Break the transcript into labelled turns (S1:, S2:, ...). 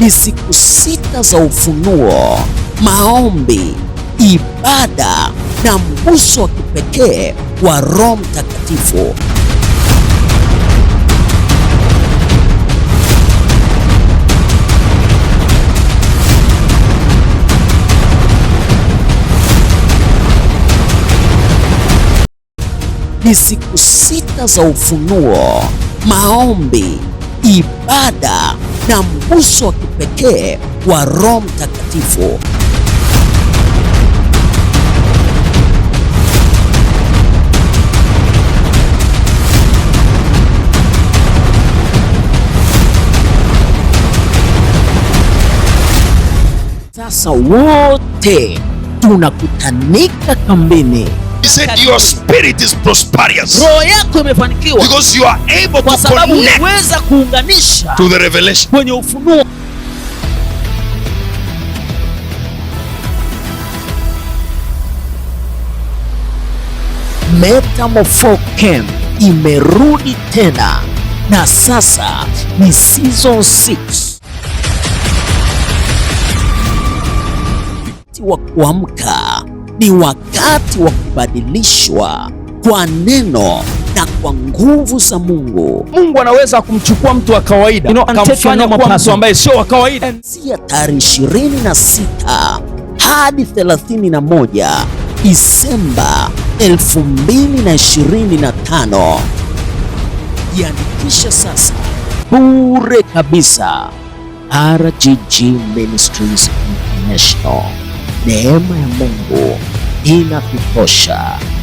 S1: ni siku sita za ufunuo, maombi, ibada na mguso wa kipekee wa Roho Mtakatifu. Ni siku sita za ufunuo, maombi, ibada na mguso wa kipekee wa Roho Mtakatifu. Sasa wote tunakutanika kambini.
S2: He said your spirit is prosperous.
S1: yako
S2: Because you are able to
S1: connect
S2: to the revelation.
S1: Kwenye ufunuo. imerudi tena na sasa ni season 6. wa kuamka ni wakati wa kubadilishwa kwa neno na kwa nguvu za Mungu.
S3: Mungu anaweza kumchukua mtu wa kawaida you know, akamfanya kuwa mtu ambaye sio wa kawaida.
S1: Anzia tarehe 26 hadi 31 Disemba 2025, jiandikisha sasa bure kabisa. RGG Ministries International. Neema ya Mungu inakutosha.